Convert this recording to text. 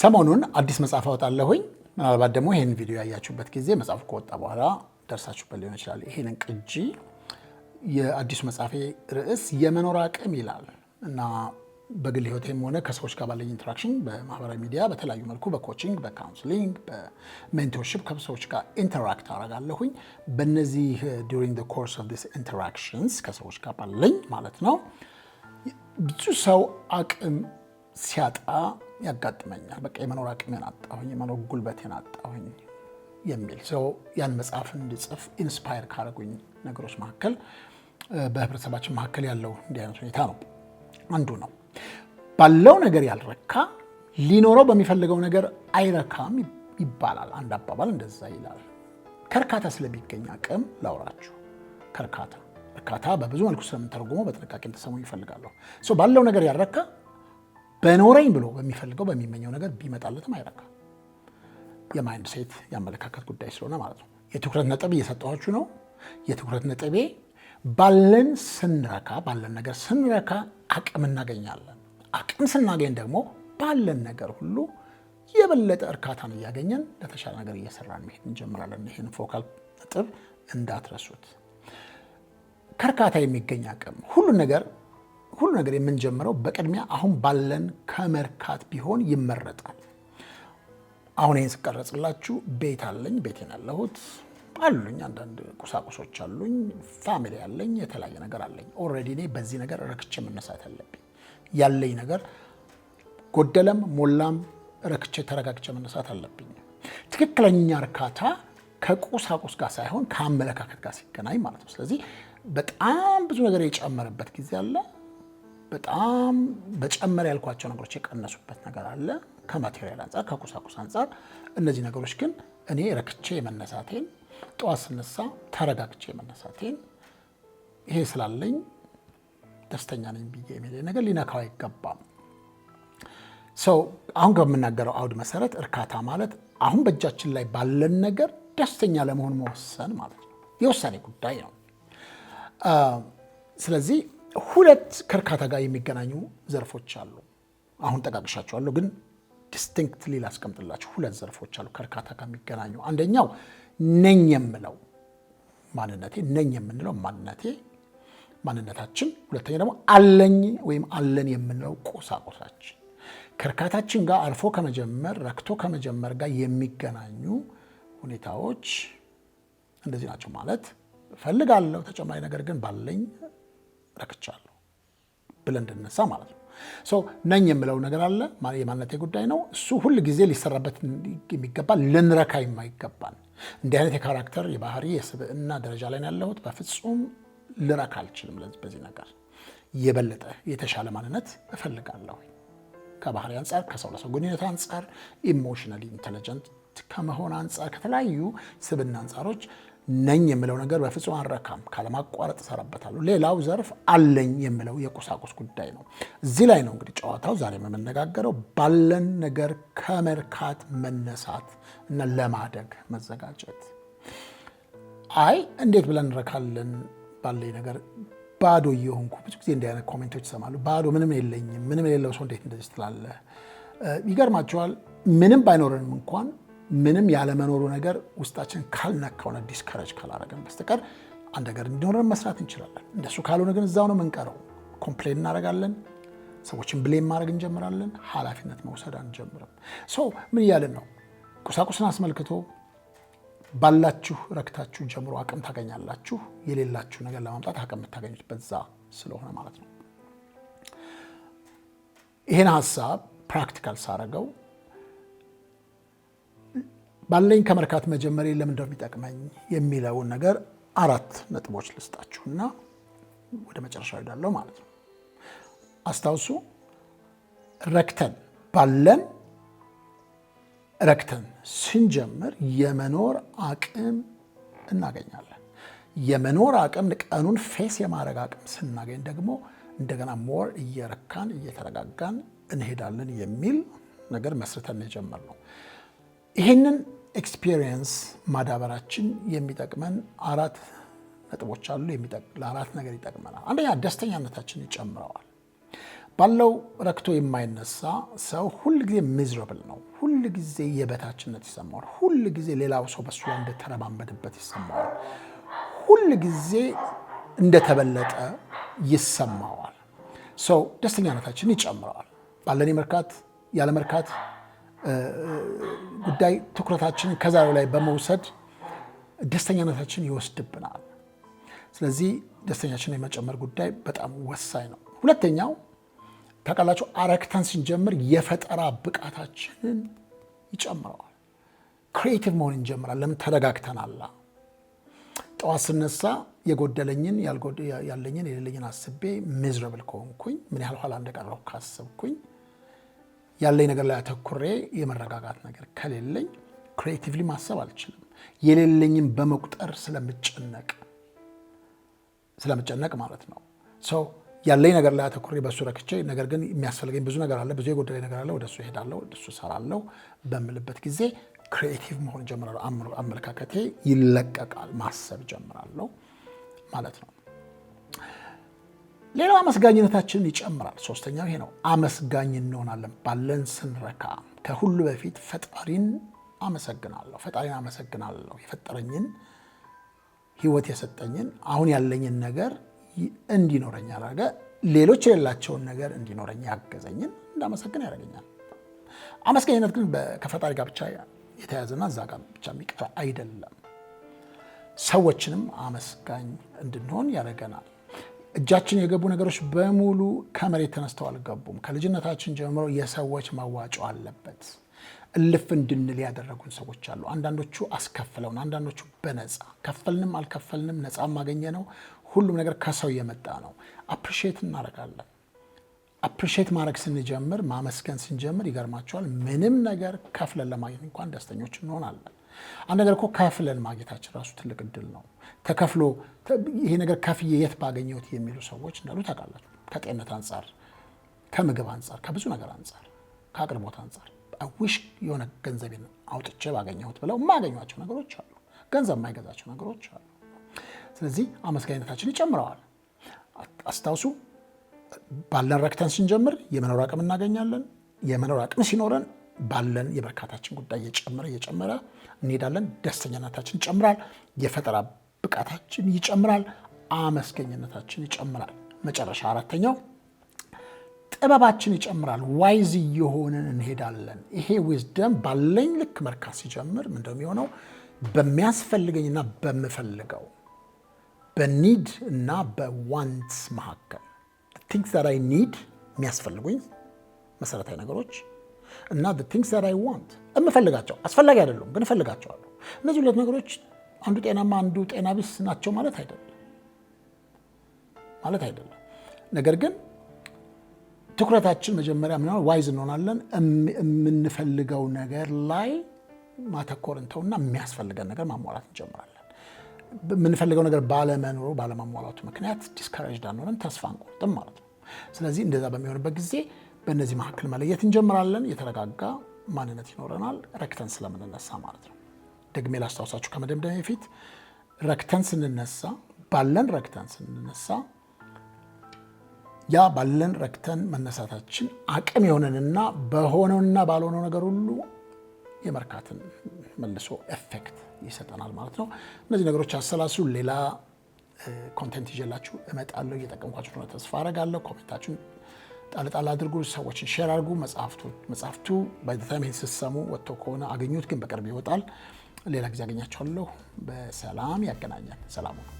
ሰሞኑን አዲስ መጽሐፍ አወጣለሁኝ። ምናልባት ደግሞ ይህን ቪዲዮ ያያችሁበት ጊዜ መጽሐፍ ከወጣ በኋላ ደርሳችሁበት ሊሆን ይችላል። ይህንን ቅጂ የአዲሱ መጽሐፌ ርዕስ የመኖር አቅም ይላል እና በግል ህይወቴም ሆነ ከሰዎች ጋር ባለኝ ኢንተራክሽን በማህበራዊ ሚዲያ በተለያዩ መልኩ በኮችንግ፣ በካውንስሊንግ፣ በሜንቶርሽፕ ከሰዎች ጋር ኢንተራክት አረጋለሁኝ። በነዚህ ዱሪንግ ዘ ኮርስ ኦፍ ዲስ ኢንተራክሽንስ ከሰዎች ጋር ባለኝ ማለት ነው ብዙ ሰው አቅም ሲያጣ ያጋጥመኛል። በቃ የመኖር አቅሜን አጣሁኝ፣ የመኖር ጉልበቴን አጣሁኝ የሚል ሰው ያን መጽሐፍ እንድጽፍ ኢንስፓየር ካደረጉኝ ነገሮች መካከል በህብረተሰባችን መካከል ያለው እንዲህ አይነት ሁኔታ ነው አንዱ ነው። ባለው ነገር ያልረካ ሊኖረው በሚፈልገው ነገር አይረካም ይባላል። አንድ አባባል እንደዛ ይላል። ከእርካታ ስለሚገኝ አቅም ላውራችሁ። ከእርካታ እርካታ በብዙ መልኩ ስለምንተረጉመው በጥንቃቄ ተሰሙ ይፈልጋለሁ። ባለው ነገር ያልረካ በኖረኝ ብሎ በሚፈልገው በሚመኘው ነገር ቢመጣለትም አይረካ። የማይንድ ሴት የአመለካከት ጉዳይ ስለሆነ ማለት ነው። የትኩረት ነጥብ እየሰጠኋችሁ ነው። የትኩረት ነጥቤ ባለን ስንረካ፣ ባለን ነገር ስንረካ አቅም እናገኛለን። አቅም ስናገኝ ደግሞ ባለን ነገር ሁሉ የበለጠ እርካታን እያገኘን ለተሻለ ነገር እየሰራን መሄድ እንጀምራለን። ይህን ፎካል ነጥብ እንዳትረሱት። ከእርካታ የሚገኝ አቅም ሁሉን ነገር ሁሉ ነገር የምንጀምረው በቅድሚያ አሁን ባለን ከመርካት ቢሆን ይመረጣል። አሁን ይህን ስቀረጽላችሁ ቤት አለኝ፣ ቤቴን ያለሁት አሉኝ፣ አንዳንድ ቁሳቁሶች አሉኝ፣ ፋሚሊ አለኝ፣ የተለያየ ነገር አለኝ። ኦልሬዲ እኔ በዚህ ነገር ረክቼ መነሳት ያለብኝ ያለኝ ነገር ጎደለም ሞላም ረክቼ ተረጋግቼ መነሳት አለብኝ። ትክክለኛ እርካታ ከቁሳቁስ ጋር ሳይሆን ከአመለካከት ጋር ሲገናኝ ማለት ነው። ስለዚህ በጣም ብዙ ነገር የጨመረበት ጊዜ አለ። በጣም በጨመር ያልኳቸው ነገሮች የቀነሱበት ነገር አለ። ከማቴሪያል አንጻር፣ ከቁሳቁስ አንጻር እነዚህ ነገሮች ግን እኔ ረክቼ የመነሳቴን ጠዋት ስነሳ ተረጋግቼ የመነሳቴን ይሄ ስላለኝ ደስተኛ ነኝ ብዬ የሚለኝ ነገር ሊነካው አይገባም። ሰው አሁን ከምናገረው አውድ መሰረት እርካታ ማለት አሁን በእጃችን ላይ ባለን ነገር ደስተኛ ለመሆን መወሰን ማለት ነው። የውሳኔ ጉዳይ ነው። ስለዚህ ሁለት ከእርካታ ጋር የሚገናኙ ዘርፎች አሉ። አሁን ጠቃቅሻቸዋለሁ፣ ግን ዲስቲንክትሊ ላስቀምጥላችሁ። ሁለት ዘርፎች አሉ ከእርካታ ጋር የሚገናኙ። አንደኛው ነኝ የምለው ማንነቴ፣ ነኝ የምንለው ማንነቴ ማንነታችን። ሁለተኛ ደግሞ አለኝ ወይም አለን የምንለው ቁሳቁሳችን። ከእርካታችን ጋር አልፎ ከመጀመር ረክቶ ከመጀመር ጋር የሚገናኙ ሁኔታዎች እንደዚህ ናቸው ማለት እፈልጋለሁ። ተጨማሪ ነገር ግን ባለኝ ለክቻለሁ ብለን እንድነሳ ማለት ነው። ነኝ የምለው ነገር አለ፣ የማንነቴ ጉዳይ ነው። እሱ ሁል ጊዜ ሊሰራበት የሚገባ ልንረካ የማይገባን እንዲህ አይነት የካራክተር የባህሪ የስብዕና ደረጃ ላይ ያለሁት በፍጹም ልረካ አልችልም። በዚህ ነገር የበለጠ የተሻለ ማንነት እፈልጋለሁ። ከባህሪ አንጻር፣ ከሰው ለሰው ግንኙነት አንጻር፣ ኢሞሽናል ኢንቴሊጀንት ከመሆን አንጻር፣ ከተለያዩ ስብዕና አንጻሮች ነኝ የምለው ነገር በፍጹም አረካም፣ ካለማቋረጥ እሰራበታለሁ። ሌላው ዘርፍ አለኝ የምለው የቁሳቁስ ጉዳይ ነው። እዚህ ላይ ነው እንግዲህ ጨዋታው ዛሬ የምንነጋገረው ባለን ነገር ከመርካት መነሳት እና ለማደግ መዘጋጀት። አይ እንዴት ብለን እንረካለን? ባለኝ ነገር ባዶ እየሆንኩ ብዙ ጊዜ እንዲህ አይነት ኮሜንቶች ይሰማሉ። ባዶ ምንም የለኝም፣ ምንም የሌለው ሰው እንዴት እንደዚህ ትላለህ? ይገርማቸዋል። ምንም ባይኖረንም እንኳን ምንም ያለመኖሩ ነገር ውስጣችን ካልነካው ነው ዲስከረጅ ካላረገን በስተቀር አንድ ነገር እንዲኖረን መስራት እንችላለን። እንደሱ ካልሆነ ግን እዛው ነው የምንቀረው። ኮምፕሌን እናደርጋለን። ሰዎችን ብሌም ማድረግ እንጀምራለን። ኃላፊነት መውሰድ አንጀምርም። ሰው ምን እያለን ነው? ቁሳቁስን አስመልክቶ ባላችሁ ረክታችሁ ጀምሮ አቅም ታገኛላችሁ። የሌላችሁ ነገር ለማምጣት አቅም የምታገኙት በዛ ስለሆነ ማለት ነው። ይህን ሀሳብ ፕራክቲካል ሳረገው ባለኝ ከመርካት መጀመሪ ለምንድነው የሚጠቅመኝ የሚለውን ነገር አራት ነጥቦች ልስጣችሁ እና ወደ መጨረሻ እሄዳለሁ ማለት ነው። አስታውሱ፣ ረክተን ባለን ረክተን ስንጀምር የመኖር አቅም እናገኛለን። የመኖር አቅም ቀኑን ፌስ የማድረግ አቅም ስናገኝ ደግሞ እንደገና ሞር እየረካን እየተረጋጋን እንሄዳለን የሚል ነገር መስርተን የጀመርነው ይህንን ኤክስፒሪየንስ ማዳበራችን የሚጠቅመን አራት ነጥቦች አሉ። ለአራት ነገር ይጠቅመናል። አንደኛ ደስተኛነታችን ይጨምረዋል። ባለው ረክቶ የማይነሳ ሰው ሁል ጊዜ ሚዝረብል ነው። ሁል ጊዜ የበታችነት ይሰማዋል። ጊዜ ሌላው ሰው በሱ ላይ እንደተረማመድበት ይሰማዋል። ሁል ጊዜ እንደተበለጠ ይሰማዋል። ሰው ደስተኛነታችን ይጨምረዋል። ባለን መርካት ያለ ጉዳይ ትኩረታችንን ከዛሬው ላይ በመውሰድ ደስተኛነታችን ይወስድብናል። ስለዚህ ደስተኛችን የመጨመር ጉዳይ በጣም ወሳኝ ነው። ሁለተኛው ታውቃላችሁ፣ አረክተን ስንጀምር የፈጠራ ብቃታችንን ይጨምረዋል። ክሪኤቲቭ መሆን እንጀምራል። ለምን? ተረጋግተናላ። ጠዋት ስነሳ የጎደለኝን ያለኝን የሌለኝን አስቤ ሚዝረብል ከሆንኩኝ ምን ያህል ኋላ እንደቀረሁ ካሰብኩኝ ያለኝ ነገር ላይ አተኩሬ የመረጋጋት ነገር ከሌለኝ ክሬቲቭሊ ማሰብ አልችልም። የሌለኝም በመቁጠር ስለምጨነቅ ስለምጨነቅ ማለት ነው ሰው ያለኝ ነገር ላይ አተኩሬ በእሱ ረክቼ፣ ነገር ግን የሚያስፈልገኝ ብዙ ነገር አለ፣ ብዙ የጎደለኝ ነገር አለ፣ ወደሱ እሄዳለሁ፣ ወደሱ እሰራለሁ በምልበት ጊዜ ክሪኤቲቭ መሆን ጀምራለሁ። አመለካከቴ ይለቀቃል፣ ማሰብ ጀምራለሁ ማለት ነው። ሌላው አመስጋኝነታችንን ይጨምራል። ሶስተኛው ይሄ ነው፣ አመስጋኝ እንሆናለን። ባለን ስንረካ ከሁሉ በፊት ፈጣሪን አመሰግናለሁ፣ ፈጣሪን አመሰግናለሁ፣ የፈጠረኝን ህይወት የሰጠኝን አሁን ያለኝን ነገር እንዲኖረኝ ያደረገ ሌሎች የሌላቸውን ነገር እንዲኖረኝ ያገዘኝን እንዳመሰግን ያደርገኛል። አመስጋኝነት ግን ከፈጣሪ ጋር ብቻ የተያዘና እዛ ጋር ብቻ የሚቀር አይደለም። ሰዎችንም አመስጋኝ እንድንሆን ያደርገናል። እጃችን የገቡ ነገሮች በሙሉ ከመሬት ተነስተው አልገቡም። ከልጅነታችን ጀምሮ የሰዎች መዋጮ አለበት። እልፍ እንድንል ያደረጉን ሰዎች አሉ። አንዳንዶቹ አስከፍለውን፣ አንዳንዶቹ በነፃ ከፈልንም አልከፈልንም ነፃ ማገኘ ነው። ሁሉም ነገር ከሰው የመጣ ነው። አፕሪሼት እናደርጋለን። አፕሪሼት ማድረግ ስንጀምር፣ ማመስገን ስንጀምር ይገርማቸዋል። ምንም ነገር ከፍለን ለማግኘት እንኳን ደስተኞች እንሆናለን። አንድ ነገር እኮ ከፍለን ማግኘታችን ራሱ ትልቅ እድል ነው። ተከፍሎ ይሄ ነገር ከፍዬ የት ባገኘሁት የሚሉ ሰዎች እንዳሉ ታውቃላችሁ። ከጤነት አንጻር፣ ከምግብ አንጻር፣ ከብዙ ነገር አንጻር፣ ከአቅርቦት አንጻር አዊሽ የሆነ ገንዘቤን አውጥቼ ባገኘሁት ብለው የማያገኟቸው ነገሮች አሉ። ገንዘብ የማይገዛቸው ነገሮች አሉ። ስለዚህ አመስጋኝነታችን ይጨምረዋል። አስታውሱ፣ ባለን ረክተን ስንጀምር የመኖር አቅም እናገኛለን። የመኖር አቅም ሲኖረን ባለን የበርካታችን ጉዳይ እየጨመረ እየጨመረ እንሄዳለን። ደስተኛነታችን ይጨምራል። የፈጠራ ብቃታችን ይጨምራል። አመስገኝነታችን ይጨምራል። መጨረሻ አራተኛው ጥበባችን ይጨምራል። ዋይዝ እየሆንን እንሄዳለን። ይሄ ዊዝደም ባለኝ ልክ መርካት ሲጀምር ምንድነው የሚሆነው? በሚያስፈልገኝና በምፈልገው በኒድ እና በዋንት መካከል ቲንክ ዛት አይ ኒድ የሚያስፈልጉኝ መሰረታዊ ነገሮች እና the things that I want እምፈልጋቸው አስፈላጊ አይደሉም፣ ግን እፈልጋቸዋለሁ። እነዚህ ሁለት ነገሮች አንዱ ጤናማ አንዱ ጤና ቢስ ናቸው ማለት አይደለም ማለት አይደለም። ነገር ግን ትኩረታችን መጀመሪያ ምን ዋይዝ እንሆናለን። የምንፈልገው ነገር ላይ ማተኮር እንተውና የሚያስፈልገን ነገር ማሟላት እንጀምራለን። የምንፈልገው ነገር ባለመኖሩ ባለማሟላቱ ምክንያት ዲስካሬጅ ዳንሆነን ተስፋ እንቆርጥም ማለት ነው። ስለዚህ እንደዛ በሚሆንበት ጊዜ በእነዚህ መካከል መለየት እንጀምራለን። የተረጋጋ ማንነት ይኖረናል፣ ረክተን ስለምንነሳ ማለት ነው። ደግሜ ላስታውሳችሁ ከመደምደም በፊት ረክተን ስንነሳ ባለን ረክተን ስንነሳ ያ ባለን ረክተን መነሳታችን አቅም የሆነንና በሆነውና ባልሆነው ነገር ሁሉ የመርካትን መልሶ ኤፌክት ይሰጠናል ማለት ነው። እነዚህ ነገሮች አሰላስሉ። ሌላ ኮንቴንት ይዤላችሁ እመጣለሁ። እየጠቀምኳችሁ ተስፋ አረጋለሁ። ኮሜንታችሁን ጣልጣል አድርጉ፣ ሰዎችን ሼር አድርጉ። መጽሐፍቱ መጽሐፍቱ በታይም ይህን ስትሰሙ ወጥቶ ከሆነ አገኙት፣ ግን በቅርብ ይወጣል። ሌላ ጊዜ አገኛቸዋለሁ። በሰላም ያገናኛል። ሰላሙ ነው።